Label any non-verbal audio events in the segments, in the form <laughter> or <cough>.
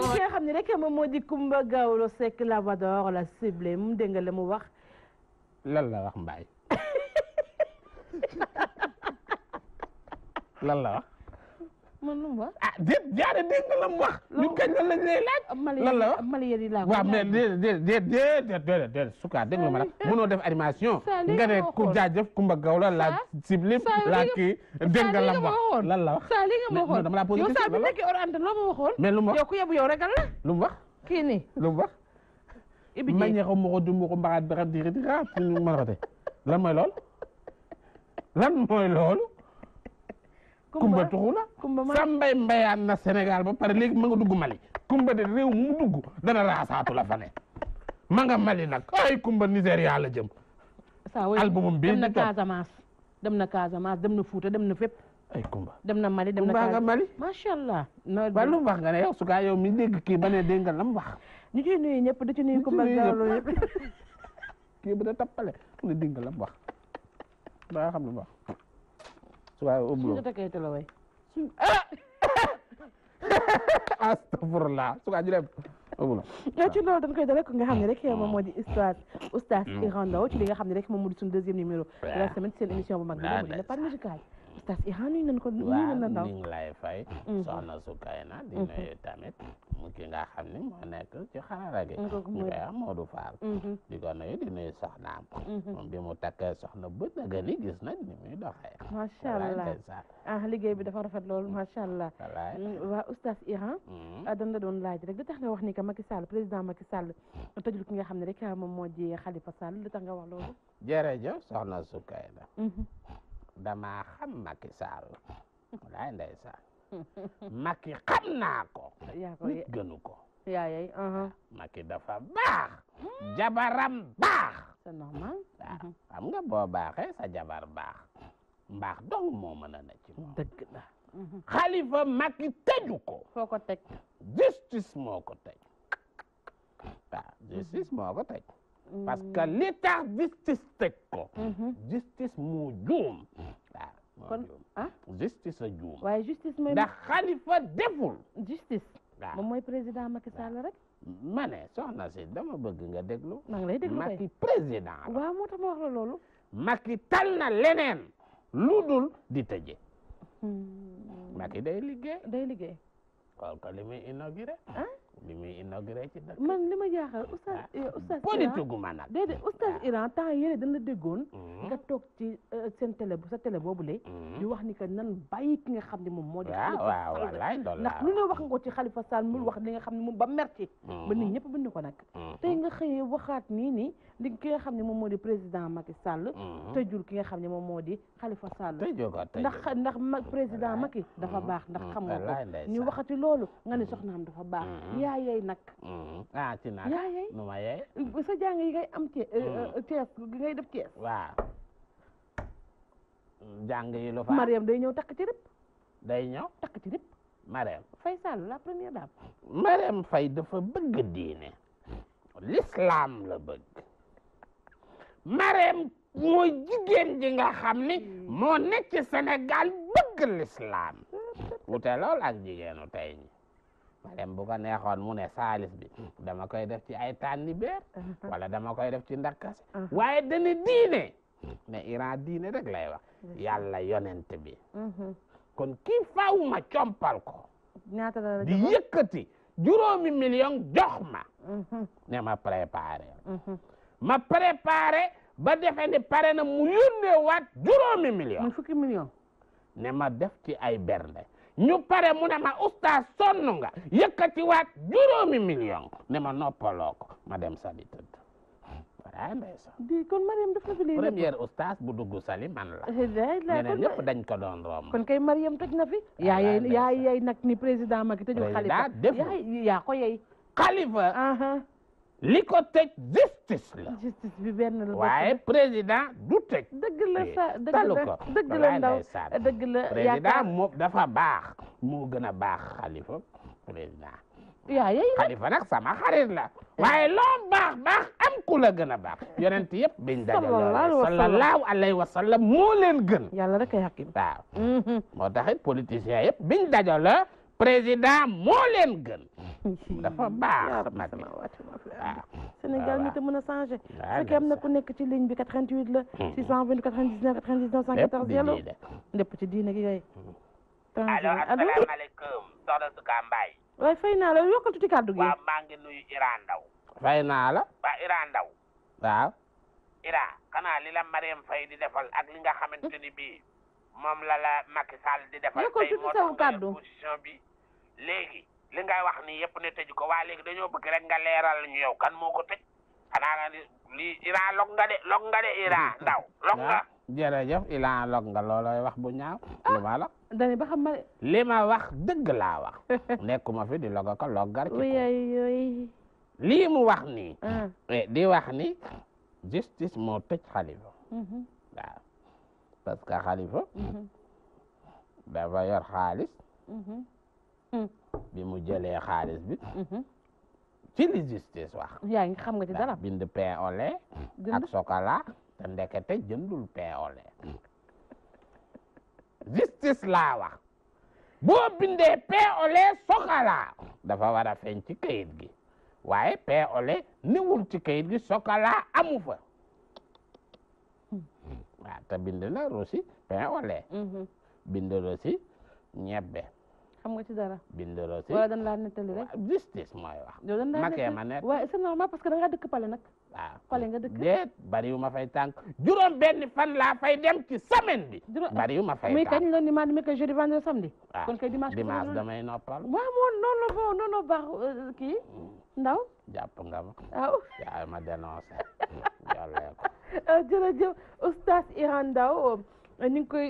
kon ki xam ne rek moom moo di Kumba Gawlo Seck Labrador la sublime dégg mu wax. lan la wax Mbaye <laughs> lan la wax. man lu mu wax ah déet jaare dégg nga la mu wax. ñu kañ la lañ lay laaj. lan la wax Malière yi laa ko. waaw mais déedéet déedéet déedéet déedéet suka dégg nga ma la mënoo def animation. nga ne ku jaajëf Kumba Gaw la la sibli la kii dégg nga la mu wax lan la wax. saa li nga ma waxoon dama la posé question yow saa bi nekkee hors antenne loo ma waxoon. mais lu mu wax yow ku yebu yow rek la. lu mu wax kii nii lu mu wax. Ibi Dieng ma ñeexoon ma ko dund ma ko mbaxaat ba xam ne diri dira lan mooy loolu lan mooy loolu kumba tuxu na sa mbay mbayaan na Sénégal ba pare léegi ma dugg Mali kumba de réew mu dugg dana raasaatu la fa ne ma nga Mali nag ay kumba Nigéria la jëm albumum bi dem na Casamance dem na Casamance dem na Fuuta dem na fépp ay kumba dem na Mali dem na Casamance nga Mali macha allah ba lu wax nga ne yow su kaa mi dégg kii ba ne dégg nga lam wax ñu ciy nuyu da ci nuyu kumba gawlo yëpp <laughs> da tappale ne dégg nga lam wax xam lu wax waaw ublo suñu takkee tolo way suñu astafurlah su ko ajulee ublo ci loolu dañ koy dalal ko xam ne rek moom moo di histoire oustaz Iran Ndao ci li nga xam ne rek moom moo di suñu deuxième numéro de la semaine seen émission bu mag bi moo di la part musicale tas i xanu nan ko waaw ñu ngi lay fay mm-hmm. soxna Sukayna di nuyu tamit mu ki nga xam ni moo nekk ci xarala gi ñu koy wax Modou Fall mm-hmm. di ko nuyu di nuyu soxnaam mm-hmm. moom bi mu takkee soxna bu dëgg ni gis nañ ni muy doxee macha allah ah liggéey bi dafa rafet loolu macha allah mm, waa oustaz Iran ah, dañ la doon laaj rek li tax nga wax ni que Macky Sall président Macky Sall tëjul ki nga xam ne rek ah, moom moo ji Khalifa Sall li tax nga wax loolu jërëjëf soxna Sukayna damaa xam Macky Sall walaay ndeysaan <laughs> Macky xam naa ko nit gënu ko yaayay uh-huh. Macky dafa baax jabaram baax c'est uh-huh. nga boo baaxee sa jabar baax mbaax dong moo mën a na ci moom dëgg la Khalifa uh-huh. justice moo ko teg justice moo ko teg parce que mm. li tax justice teg ko. Mm-hmm. justice mu mm. ah, juum. ah justice a juum. waaye justice mooy ndax xalifa deful. justice. waaw ah. moom mooy président Macky Sall ah. rek. mane ne soxna si dama bëgg nga déglu. maa ngi lay déglu kay Macky président la. moo tax ma wax la loolu. Macky tal na leneen. lu dul di tëjee. Hmm. Macky day liggéey. day liggéey. kooku li muy inauguré. li muy inauguré ci man li ma jaaxal oustaz ah, eh, oustaz politique ma nag déedéet oustaz ah. Iran temps yële dañ la déggoon mm-hmm. nga toog ci euh, seen télé sa télé boobu le mm-hmm. di wax ni que nan bàyyi ki nga xam ne moom moo di ah, waaw wallaay loolu ndax lu ne wax nga ko ci Khalifa Sall mu mm-hmm. wax li nga xam ne moom ba merci ba nit ñëpp bind ko nag tey nga xëyee waxaat nii nii li ki nga xam ne moom moo di président Macky Sall tëjul ki nga xam ne moom moo di Khalifa Sall ndax ndax président Macky dafa baax ndax xam nga ko ñu waxati loolu nga ne soxnaam dafa baax yaay yaay nag. Mm-hmm. ah ci nag nu ma yaay. sa jàng yi ngay am te tees gi ngay def tees. yi lu fa. Mariam day ñëw takk ci rëpp. day ñëw takk ci rëpp. Mariam Faye Sall la première dame. Mariam Faye dafa bëgg diine. l'islam la bëgg. Mariam mooy jigéen ji nga xam ni moo nekk ci bëgg l'islam mm. wute lool ak jigéenu tey dem bu ko neexoon mu ne saalis bi mm. dama koy def ci ay tànni beer mm-hmm. wala dama koy def ci ndakkase mm-hmm. waaye dana diine mm. ne Iran diine rek lay wax yàlla yonent bi mm-hmm. kon kii faaw ma compal ko di yëkkati juróomi million jox ma ne ma préparé ma préparé ba defe ni pare na mu yónnee waat juróomi million ne ma def ci ay bernde ñu pare mu ne ma oustaz sonn nga yëkkati waat juróomi million ne ma noppaloo ko ma dem sali tëdd walaay ndeysaan di kon Mariam la fi lii bu dugg sali la eh, ñeneen ñëpp dañ ko doon na fi yaa yey nag ni président Macky tëjul xalifa def ko yey xalifa li ko tëj justice la. justice bi benn la. waaye président du tëj. dëgg sa dëgg ndaw dëgg la dafa baax. moo gën a baax xalifa président yaay xalifa nag sama xarit la waaye loo baax baax am ku la gën a baax yonent yëpp biñ dajaloo sallallahu alayhi wa sallam moo leen gën yàlla rek ay hakim waaw mhm. moo taxit politiciens yëpp biñ dajaloo président moo leen gën dafa baax nag waaw Sénégal mi te mën a changé fekkee am na ku nekk ci ligne bi 88 la 628 99 99 114 yàlla lépp ci diine gi yooyu mhm. alors asalaamaaleykum soxna Souka Mbaye. waaye fay naa la yokkal tuuti kàddu gi. waaw ngi nuyu Iran Ndaw. fay naa la. waaw Iran Ndaw. waaw. Iran xanaa li la Mariam Faye di defal ak li nga xamante ni bii moom la la Macky Sall di defal. yokkal tuuti saw kàddu léegi. li ngay wax ni yëpp ne tëj ko waa léegi dañoo bëgg rek nga leeral ñu yow kan moo ko tëj xanaa nga ni lii Iran log nga de log nga de Iran <laughs> Ndaw log nga. jërëjëf ilaa log nga loolooy wax bu ñaaw ah, lu ma la ba xam ma li wax dëgg laa wax <laughs> nekkuma fi di loga ko loggar ci lii wax nii ah. e, di wax ni justice moo tëj xalifa mhm. waaw parce mhm. yor xaalis mhm. bi mu jëlee xaalis bi ci justice wax yaa ngi xam nga ci dara bind pain e au ak chocolat te ndekete jëndul peole hmm. justice laa wax boo bindee peole sokalaa dafa war a feeñ ci kayit gi waaye peole newul ci kayit gi sokalaa amu fa hmm. waaw te bind na rosi peole mhm. bind rosi ñebbe xam nga ci dara bind rosi wala justice mooy wax yow dañ laa waaw ah, Kole nga dëkk déet bari ma fay tànk juróom benni fan laa fay dem ci semaine bi. bari wu ma fay tànk muy kañ ma mardi mercredi jeudi vendredi samedi. Ah, kon kay dimanche dimanche damay noppal. waaw moom noonu la foo noonu la baax euh, kii mm. ndaw. jàpp nga ma. waaw yaa ma dénoncé. <laughs> Euh, jërëjëf oustaz Iran Ndao euh, ñu ngi koy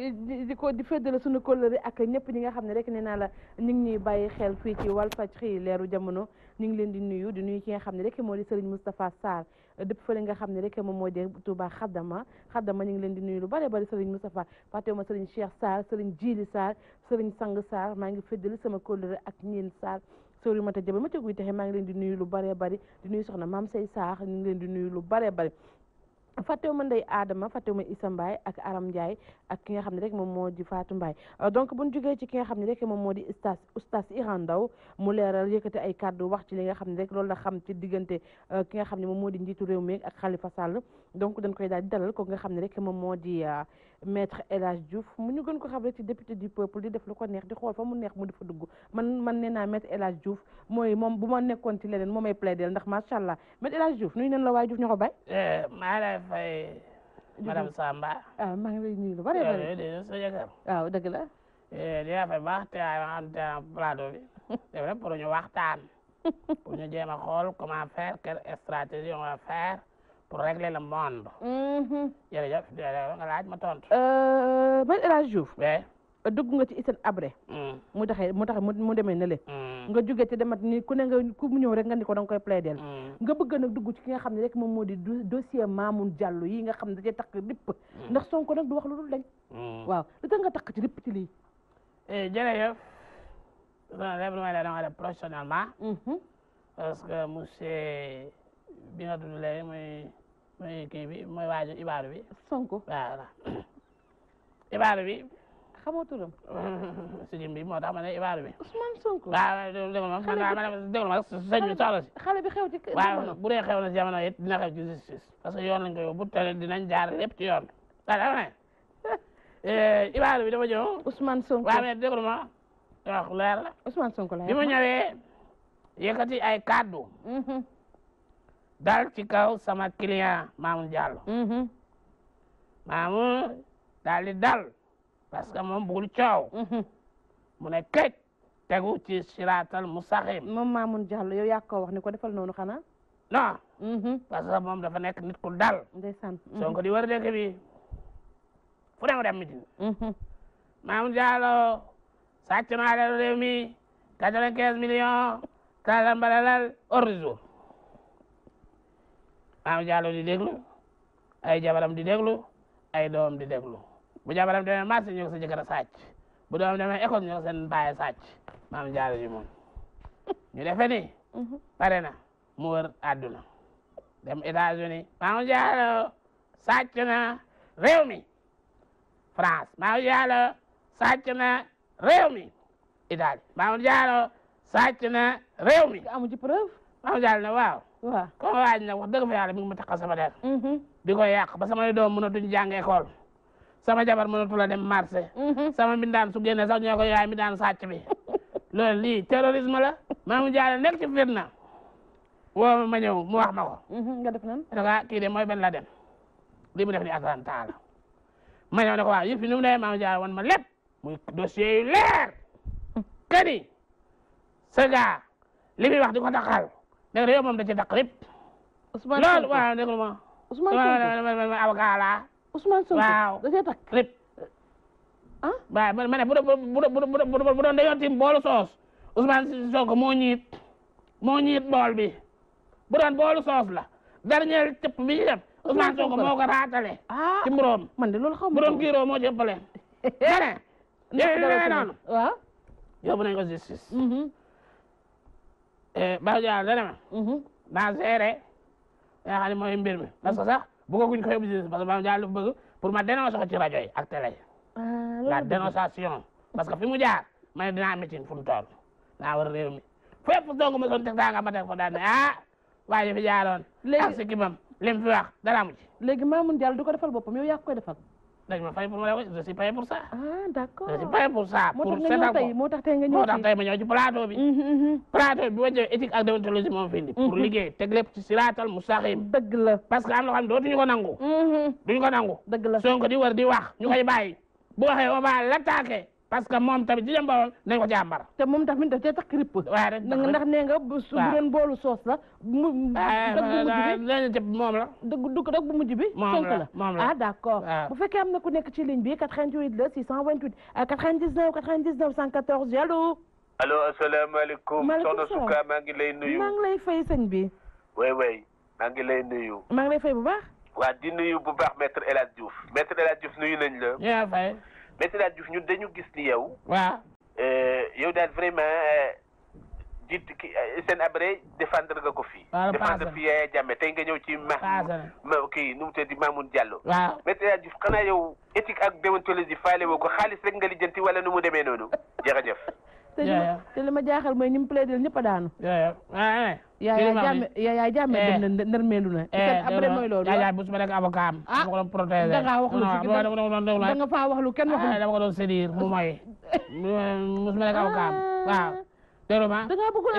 di ko di féddale suñu kóllëre ak ñëpp ñi nga xam ne rek nee naa la ñu ngi ñuy bàyyi xel fii ci Walfadjri leeru jamono ñu ngi leen di nuyu di nuyu ki nga xam ne rek moo di Serigne Moustapha Sarr dëpp fële nga xam ne rek moom mooy de Touba xaddama xaddama ñu ngi leen di nuyu lu bare bari Serigne Moustapha fàttewuma Serigne Cheikh Sarr Serigne Djili Sarr Serigne Sang Sarr maa ngi feddali sama kóllëre ak ñeen Sarr sori mata jaba ma cëg wi texe maa ngi leen di nuyu lu bare bari di nuyu soxna maam say saax ñu ngi leen di nuyu lu bare bari fàttewuma Ndeye Adama fàttewuma Issa Mbaye ak Aram Ndiaye ak ki nga xam ne rek moom moo di Fatou Mbaye euh, donc bu ñu jógee ci ki nga xam ne rek moom moo di Oustaz Oustaz Iran Ndaw mu leeral yëkkati ay kàddu wax ci li nga xam ne rek loolu la xam ci diggante euh, ki nga xam ne moom moo di njiitu réew mi ak Khalifa Sall donc dañ koy daal di dalal ko nga xam ne rek moom moo di euh, maître El jouf mu ñu gën ko xam rek député du peuple di def lu ko neex di xool fa mu neex mu di fa dugg man man nee naa maître El Hadj mooy moom bu ma nekkoon ci leneen moom may plaidé ndax macha allah maître El Hadj Diouf nuyu nañ la waaye Diouf ñoo ko bay. Eh, maa lay fay. madame Samba. ah maa ngi lay nuyu lu bari bari. Eh, waaw dëgg la. Eh, di la fay bi. c'est <laughs> vrai pour ñu waxtaan. pour ñu jéem a xool comment faire quelle stratégie on va faire. pour régler la monde. Mm-hmm. jërëjëf nga laaj a tontu. Euh, man El Hadj Diouf. dugg nga ci Hissène abre mm. mu taxee mu taxee mu demee na le mm. nga jóge te demat ni ku ne nga ku mu ñëw rek nga ni ko da nga koy plaidel mm. nga bëgg nag dugg ci ki nga xam ne rek moom moo di dossier Mamoun Diallo yi nga xam ne da cee takk ripp. ndax Sonko nag du wax lu dul dañ. waaw li tax nga takk ci ripp ci lii. Eh, jërëjëf. lépp lu may la dama def professionnellement. Mm-hmm. parce mooy kii bi mooy waaju ibaaru bi. Sonko voilà <coughs> ibaaru bi. xamoo turam. sëñ <coughs> bi moo tax ma ne ibaaru bi. Ousmane Sonko. waaw déglu ma déglu ma sëñ bi soxla si. xale bi xew ci jamono bu dee xew na si jamono it dina xew ci justice. parce que yoon lañ ko yóbbu te dinañ jaar lépp ci yoon. waaw <coughs> eh, ibaaru bi dafa ñëw. Ousmane Sonko waaw mais déglu ma wax leer la. Ousmane Sonko la bi mu ñëwee yëkkati ay kaddu. Mm-hmm. dal ci kaw sama client Mamour Diallo. Mm-hmm. Mamour daal di dal parce que moom bëggul coow. Mm-hmm. mu ne tegu ci siraatal mustaqiim. moom Mamour Diallo yow yaa ko wax ne ko defal noonu xanaa. non. Mm-hmm. parce que moom dafa nekk nit ku dal. ndeysaan. Sonko di war dëkk bi fu ne mu dem mitin. Mamour Diallo sàcc na alal réew mi quatre-vingt-quinze millions. maam Diallo di déglu ay jabaram di déglu ay doom di déglu bu jabaram demee marché ñu ko sa jëkkër a bu doom demee école ñu ko seen bàyyi sàcc maam Diallo ji moom <laughs> ñu defe mhm. pare na mu wër àdduna dem États-Unis maam Diallo sàcc na réew France maam Diallo sàcc na réew mi Italie maam Diallo na réew mi amu ci preuve maam Diallo ne waaw waaw comme waaj nag wax dëgg fa yàlla mi ngi ma sama de mm-hmm. di ko yàq ba samay doom mënatuñ jàng école sama jabar mënatu la dem marché mm-hmm. sama mbindaan su génne sax ñoo ko yaay mi daan sàcc bi lii terrorisme la maa mu jaale nekk ci fitna woo ma ñëw mu wax ma ko mm-hmm. nga def nan daka ah, kii de mooy benn la dem lii mu def ni attentat ma ñëw ne ko waaw yëf yi mu ne woon ma lépp yu leer kani sa gars li muy di ko daqal dégg nga yow moom da ci dàq lépp. Ousmane Sonko loolu waaw dégg nga moom. Ousmane Sonko man man avocat laa. Ousmane Sonko waaw da cee takk lépp. ah waaw man ma ne bu doon bu doon bu doon dañoo tiim boolu soos Ousmane Sonko moo ñiit moo ñiit bool bi bu doon boolu soos la dernier cëpp bi ñu def. Ousmane Sonko moo ko raatale. Ah. ci mburoom man de loolu xam nga mburoom kiiroo moo ci ëppale. <laughs> dara dara dara noonu. waaw ah. yóbbu nañ ko justice. Mm-hmm. Eh, Babou Diallo dana ma. Mhm. naa seere nga xam ne mooy mbir mi parce que sax bëggaguñ ko yóbbu si parce que Babou Diallo bëgg pour ma dénoncer ko ci rajo yi ak télé yi. Ah, la dénonciation parce que fi mu jaar ma ne dinaa meeting fu mu toll naa war a réew mi fépp dong ma sonn teg tànga ma teg fa daan ne ah waaye fi jaaroon. ak si kibam lim fi dara mu ci. léegi Mamoune Diallo du ko defal boppam yow yaa koy defal. dañ ma fay pour ma lay je suis payé pour ça. ah d' accord je suis payé pour ça. pour seetal moo tax nga ma ñëw ci bi. plateau bi bu ma ñëwee éthique ak déontologie moo fi liggéey teg lépp ci siraatal mustaqim. dëgg la que am na loo xam ne ko nangu. duñu ko nangu. dëgg la Sonko di war di wax ñu koy bàyyi bu waxee on va l'attaquer parce que moom tamit di jàmbaroon nañ ko jàmbar. te moom tamit daf cee tax kripp. waaw rek ndax nee nga. waaw su bu leen boolu soos la. mu ah, dëgg bu mujj bi moom la. dëgg dugg dëgg bu mujj bi. moom la moom la ah d'accord. bu fekkee am na ku nekk ci ligne bi 88 la 628 99 99 114 allo. allo asalaamaaleykum. maaleykum salaam soxna Souka maa ngi lay nuyu. maa ngi lay fay sëñ bi. way way maa ngi lay nuyu. maa ngi lay fay bu baax. waa di nuyu bu baax maître El Hadj Diouf. maître El Hadj Diouf nuyu nañ la. yaa Maître El Hadj ñun dañu gis ni yow. waaw. Eh, yow daal vraiment di eh, eh, seen abré defender nga ko fii. défendre fii Yaya Jammeh tey nga ñëw ci. ma kii nu mu tëdd Mamoun Diallo. waaw Maître El Hadj Diouf xanaa yow éthique ak déontologie faale woo ko xaalis rek nga lijjanti wala nu mu demee noonu jërëjëf. te ma jaaxal mooy ñi mu plaidé ñëpp a daanu. yaay jàmme yaay dem na nërmeelu na. Eh, après mooy loolu. yaay bu su ma nekk avocat am. ah dama ko doon protéger. da ngaa wax lu ci da nga faa wax lu kenn waxul. Ah, dama ko doon sédir <laughs> mu may. bu su ma nekk avocat am ah. waaw. déglu ma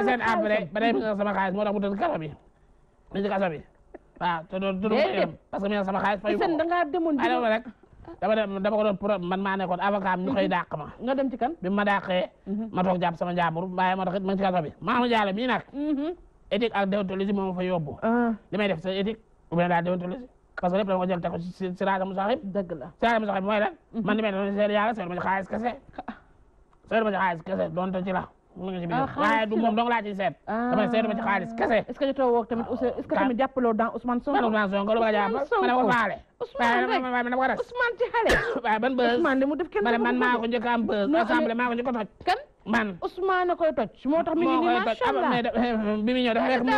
seen après ba day nga sama xaalis moo tax mu tëdd kaso bi. mu tëdd kaso bi waaw te doon. parce que mi sama xaalis fayu ko. seen da ngaa demoon rek. dama dem dama ko doon pro man maa nekkoon avocat ñu koy mhm. ma. nga dem ci kan bi ma dàqee. Mhm. ma toog jàpp sama njàmbur waaye ma taxit ma ci kaso bi Mamour Diallo mii nag. Mhm. éthique ak déontologie moo ma fa yóbbu. Ah. li may def sa éthique ou bien daal déontologie parce que lépp dama ko jël teg ko si siraata mu saxib. dëgg la siraata mu saxib mooy lan. man li may doon seet yàlla seetlu ma ci xaalis kese. <laughs> seetlu ma ci xaalis kese donte ci la. mën nga ci biir ah, waaye du moom dong laa ci seet. Ah. damay seet dama ci xaalis kese. est-ce que jotoo woog tamit est-ce que tamit jàppaloo dans Ousmane Sonko. ma jàpp ma ne ko faale. Ousmane rek <laughs> mu def kenn man maa a a koy toj. moo tax mi ngi nii macha ah, allah eh, bi mi ñëw dafa nekk mu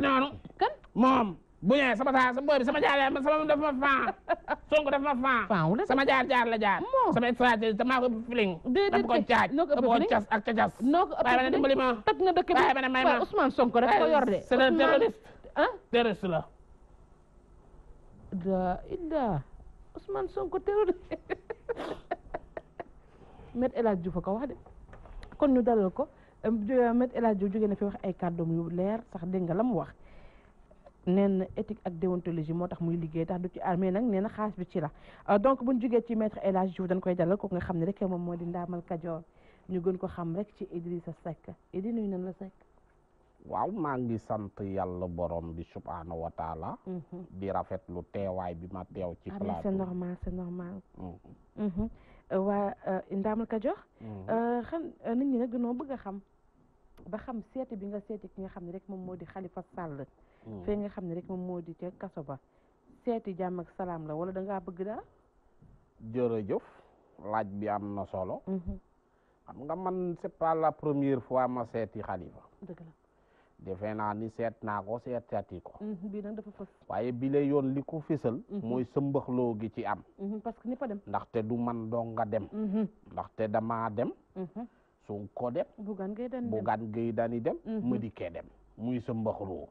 noonu. kan moom bu ñëwee sama saa sama booy bi sama jaar sama daf ma faa <laughs> Sonko daf ma faa. faaw la sama jaar jaar la jaar. sama extraterrestre te maa ko filing. dama ko caaj dama ko cas ak cacas. noo ko ëpp ne dimbali ma toj nga dëkk bi waaye Ousmane Sonko rek ko yor de. c'est un terroriste. ah terroriste la. da Ida Ousmane Sonko terroriste. <laughs> Maître El Hadj Diouf a ko wax de kon ñu dalal ko euh, Maître El Hadj Diouf jóge na fi wax ay kàddoom yu leer sax dégg nga la mu wax. neen na éthique ak déontologie moo tax muy liggéey tax du ci armée nag nee na xaas bi ci la euh, donc bu jógee ci maître El Hadji Diouf dañ koy dalal kooku nga xam ne rek moom moo di Ndaamal Kajoor ñu gën ko xam rek ci Idrissa Seck Idi nuyu nan la Seck waaw maa ngi sant yàlla borom bi subhaanahu wa taala mhm. di teewaay bi ma teew ci ah, plateau c'est normal c'est normal mhm. Mhm. Euh, waa euh, Ndaamal Kajoor xam nit ñi nag bëgg xam ba xam seeti bi nga seeti ki nga xam ne rek moom moo di Khalifa Sall Mm. fee nga xam ne rek moom moo di ca kaso ba seeti jàmm salaam la wala da ngaa bëgg daal jërëjëf laaj bi am na solo mm-hmm. xam nga man c'est pas la première fois ma seeti xalifa dëgg la naa ni seet naa ko seetati ko mm-hmm. bii nag dafa fës waaye bi lay yoon li ko fësal mm-hmm. mooy sëmbaxloo gi ci am parce que ñëpp a dem ndaxte du man doo nga dem ndaxte damaa dem Sonko dem bugan gay dani dem madi kee dem muy sëmbaxloo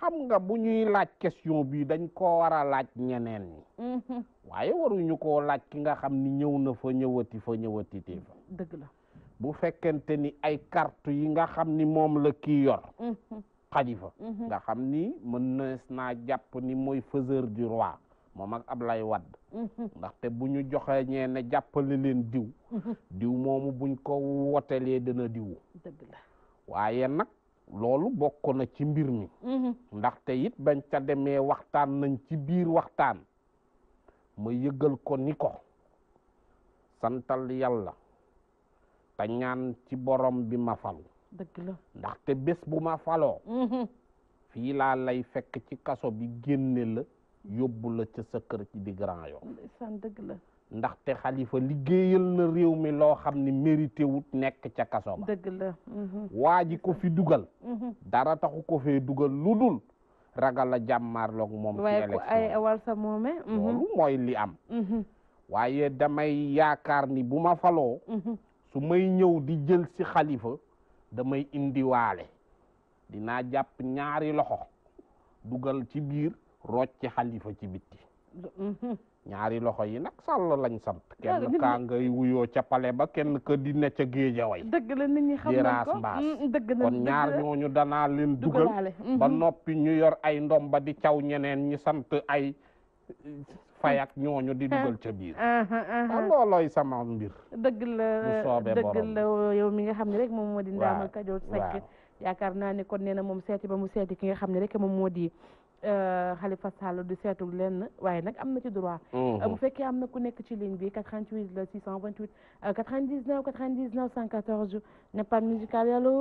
xam nga bu ñuy laaj question bi dañ koo war a laaj ñeneen ñi mhm. waaye waruñu ko laaj ki nga xam ni ñëw na fa ñëwati fa ñëwati te fa bu fekkente ni ay kartu yi nga xam ni moom la kii yor mhm. xaji fa mhm. nga xam ni mën na naa jàpp ni mooy faiseur du roi moom ak Ablaye Wade ndaxte bu ñu joxe ñee ne leen diw diw moomu buñ ko wotelee dina diw dëgg waaye nag loolu bokk na ci mbir mi mm-hmm. ndaxte it bañ ca demee waxtaan nañ ci biir waxtaan ma yëgal ko ni ko santal yàlla te ci borom bi ma falu dëgg ndaxte bés bu ma faloo mm-hmm. fii laa lay fekk ci kaso bi génne la yóbbu la ca sa kër ci di Grand Yoff ndaxte xalifa liggéeyal na réew mi loo xam ne mérité wut nekk ca kaso ba dëgg mhm. ji ko fi dugal mhm. dara taxu ko fee dugal lu dul ragala a jàmmaarloog moom ci élection sa moome mhm. loolu mooy li am waaye damay yaakaar ni bu ma faloo su may ñëw di jël si xalifa damay indiwaale dinaa jàpp ñaari loxo dugal ci biir rocc xalifa ci bitti ñaari loxo yi nag sàll lañ samt kenn kaa ngay wuyoo ca pale ba kenn ka di ca géejaway dëgg la nit ñi xam ko mbaas mm, dëgg na kon ñaar ñooñu danaa leen dugal ba mm-hmm. noppi ñu yor ay ndoom ba di caw ñeneen ñi sant ay fayak ñooñu di dugal ca biir <laughs> a loolooy sama mbir dëgg la dëgg la yow mi nga xam ne rek moom moo di ndaamal kajoor sekk yaakaar naa ne kon nee na moom seeti ba mu seeti ki nga xam ne rek moom moo di euh, Khalifa Sall du seetu lenn waaye nag am na ci droit. Mhm. Euh, bu fekkee am na ku nekk ci ligne bi 88 la 628 99 99 114 Nepad musical allo.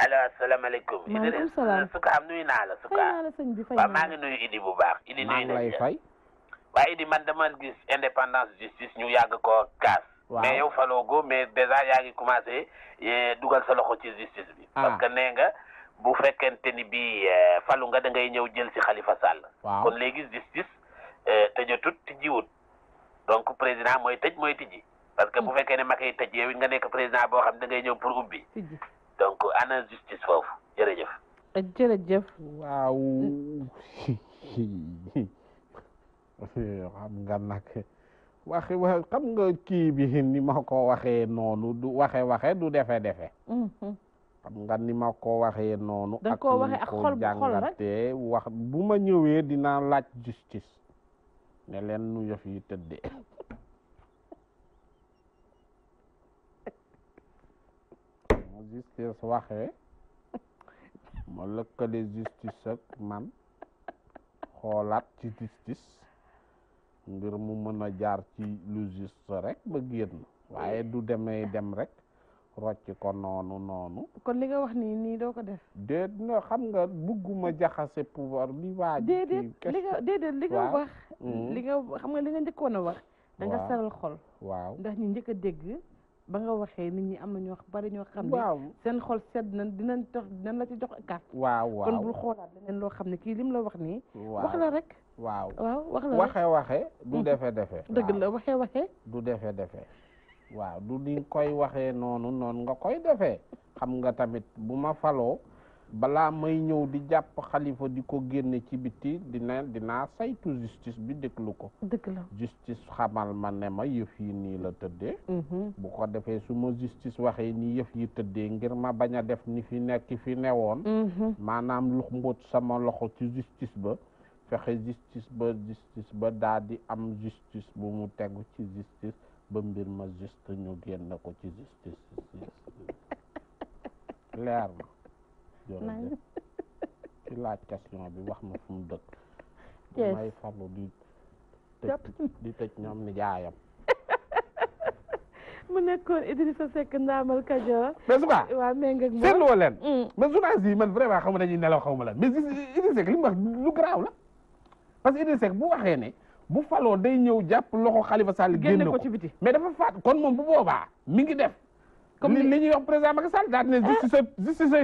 allo asalaamaaleykum. maaleykum salaam euh, su ko am nuyu naa la. su ko am fay naa la sëñ bi fay naa la waaw maa ngi nuyu Idi bu baax. Idi nuyu na waaye Idi man dama gis indépendance justice ñu yàgg ko kaas. waaw mais yow faloo go mais yaa ngi commencé eh, dugal sa loxo ci justice bi. Ah. parce que nee nga bu fekkente ni bi eh, falu nga da ngay ñëw jël ci xalifa Sall. waaw kon léegi justice eh, tëjatut tijjiwut donc président mooy tëj mooy tijji. parce que bu mm. fekkee ne ma tëj yow it nga nekk président boo xam ne da ngay ñëw pour ubbi. donc ana justice foofu jërëjëf. jërëjëf. waaw <laughs> xam nga nag. waxe waxe xam nga kii bi ni ma ko waxee noonu du waxe waxe du defe defe mhm. xam nga ni ma ko waxee noonu ak ko jàngatee wax bu ma ñëwee dinaa laaj justice ne leen nu yëf yi tëddee <laughs> ma justice waxee ma lëkkale justice ak man xoolaat ci justice mbir mu mën a jaar ci lu juste rek ba génn waaye du demee dem rek rocc ko noonu noonu kon li nga wax nii nii doo ko def déet na xam nga bugguma jaxase pouvoir bi waaj déedéet li nga déedéet li nga wax mm-hmm. li nga xam nga li nga njëkkoon a wax da nga saral xol waaw ndax ñu njëkk a dégg ba nga waxee nit ñi am na ñoo bari ñoo xam ne seen xol sedd na dinañ tax dinañ la ci jox carte waaw waaw kon bul xoolaat leneen loo xam ne kii lim la wax nii wax la rek Mm-hmm. waaw waxe waxe du defe defe dëgg la du defe defe waaw du di koy waxee noonu noonu nga koy defee xam nga tamit bu ma faloo balaa may ñëw di jàpp xalifa di ko génne ci biti dina dinaa saytu justice bi déglu ko dëgg la justice xamal ma ne ma yëf yi nii la tëddee mm-hmm. bu ko defee su ma justice waxee nii yëf yi tëddee ngir ma bañ a def ni fi nekk fi newoon mm-hmm. maanaam lux mbóot sama loxo ci justice ba fexe justice ba justice ba daal di am justice bu mu tegu ci justice ba mbir ma juste ñu génn ko ci justice <laughs> leer na jërëjëf ci laaj question bi wax na fu mu dëkk bu may farlu di tëj di tëj ñoom ni jaayam <laughs> mu nekkoon Idrissa Seck ndaamal Kajoor mais suka waaw mm. mais nga seetlu woo leen mais journaliste yi man vraiment xaw ma dañuy nelaw xaw ma lan mais Idrissa li wax la parce que Idrissa Seck bu waxee ne bu faloo day ñëw jàpp loxo Khalifa Sall génne ko ci biti mais dafa faat kon moom bu boobaa mi ngi def comme li ñuy wax président Macky Sall ne ah. justice saa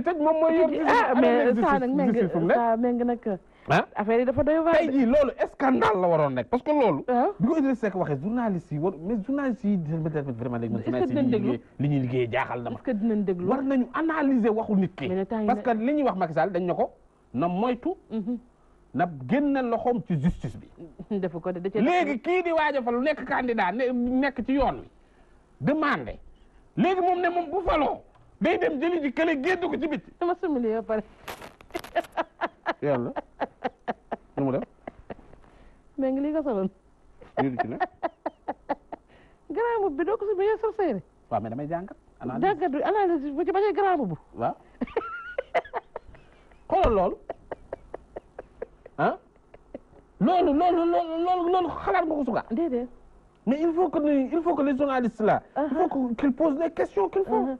ah, nag méng saa méng nag ah affaire yi dafa doy waar tey jii loolu scandale la waroon nekk parce que loolu ah. bi ko Idrissa Seck liggéey jaaxal na ma est-ce que dinañ déglu war nañu analyser waxu nit ki parce que li ñuy wax Macky Sall dañ ne ko na moytu mhm. na génnal loxoom ci justice bi. <laughs> defu ko de léegi kii di waaj a falu nekk candidat nekk ci yoon wi demandé léegi moom ne moom bu faloo day dem jëli ji kële génn ko ci biti. dama sumuli pare. <laughs> yàlla nu mu ngi lii nga soloon. lii <laughs> bi doo ko si mais yow sol seere. waaw mais damay jàngat. analyse jàngat analyse bu ci bañ a garaamu bu. waaw xoolal ah loolu loolu loolu loolu xalaat nga ko suga déedéet mais il faut que il faut que les journalistes là il faut ah. qu'ils posent les questions qu'il faut